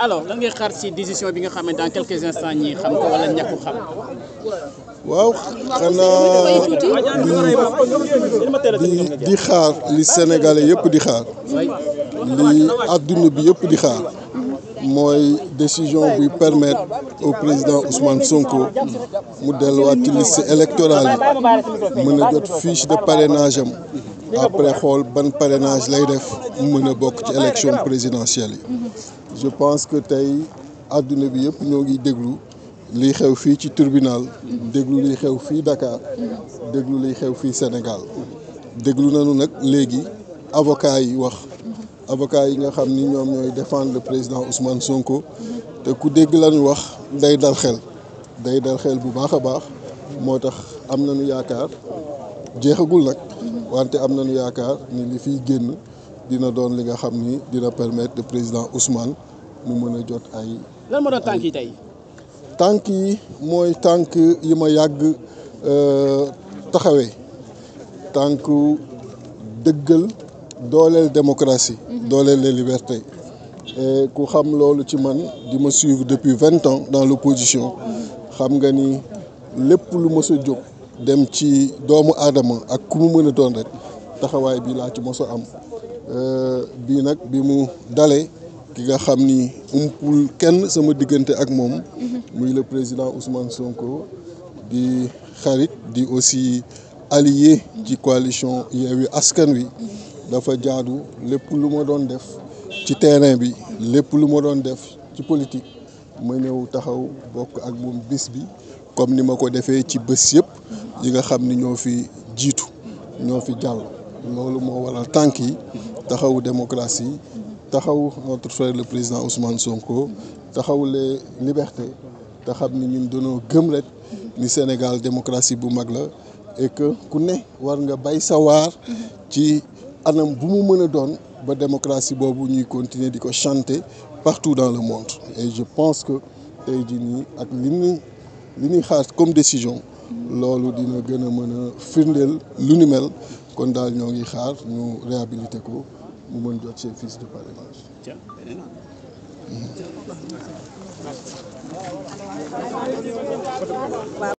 alors lan ngay bi nga xam ne dans quelques instants ñi waaw xanaa di di xaar li Sénégalais yëpp di xaar li adduna bi yëpp di xaar mooy décision buy permettre au président Ousmane Sonko mu delluwaat ci liste électorale yi mën a jot fiche de parrainage am après xool ban parenage lay def mu mën a bokk ci élection présidentielle yi. je pense que tey àdduna bi yëpp ñoo ngi déglu liy xew fii ci tribunal déglu liy xew fii Dakar déglu liy xew fii Sénégal déglu nañu nag léegi avocat yi wax avocat yi nga xam ni ñoom ñooy défendre le président Ousmane Sonko te ku dégg lañu wax day dal xel day dal xel bu baax a baax moo tax am nañu yaakaar jeexagul nag wante am nañu yaakaar ni li fiy génn dina doon li nga xam ni dina permettre de président Ousmane mu mën a jot ay. tànk yi mooy tànk yi ma yàgg euh, taxawee tànk dëggal dooleel démocratie. Mhm. dooleel les libertés. et ku xam loolu ci man di ma suivre depuis vingt ans dans l'opposition mhm. xam nga ni lépp lu mës a jóg dem ci doomu aadama ak ku mu mën a doon rek taxawaay bi laa ci mës a am. Euh, bii nag bi mu dalee ki nga xam ni umpul kenn sama diggante ak moom. Mhm. muy la président Ousmane Sonko di xarit di aussi allié ci mhm. coalition Yewwi Askan Wi. Mhm. dafa jaadu lépp lu ma doon def ci terrain bi lépp lu ma doon def ci politique ma ñëw taxaw bokk ak moom bis bi comme ni ma ko defee ci bës yëpp yi nga xam ni ñoo fi jiitu ñoo fi jàll loolu moo waral tànk yi taxawu démocratie taxaw notre frère le président Ousmane Sonko taxaw les libertés te xam ni ñun dañoo gëm ni Sénégal démocratie bu mag la et que ku ne war nga bay sawaar ci anam bu mu mën a doon ba démocratie boobu ñuy continuer di ko chanter partout dans le monde et je pense que tey jii nii ak li ñu li ñuy xaar comme décision loolu dina gën a mën a firndeel lu ni mel kon daal ñoo ngi xaar ñu réhabilité ko mu mën jot ses fils de parrainage.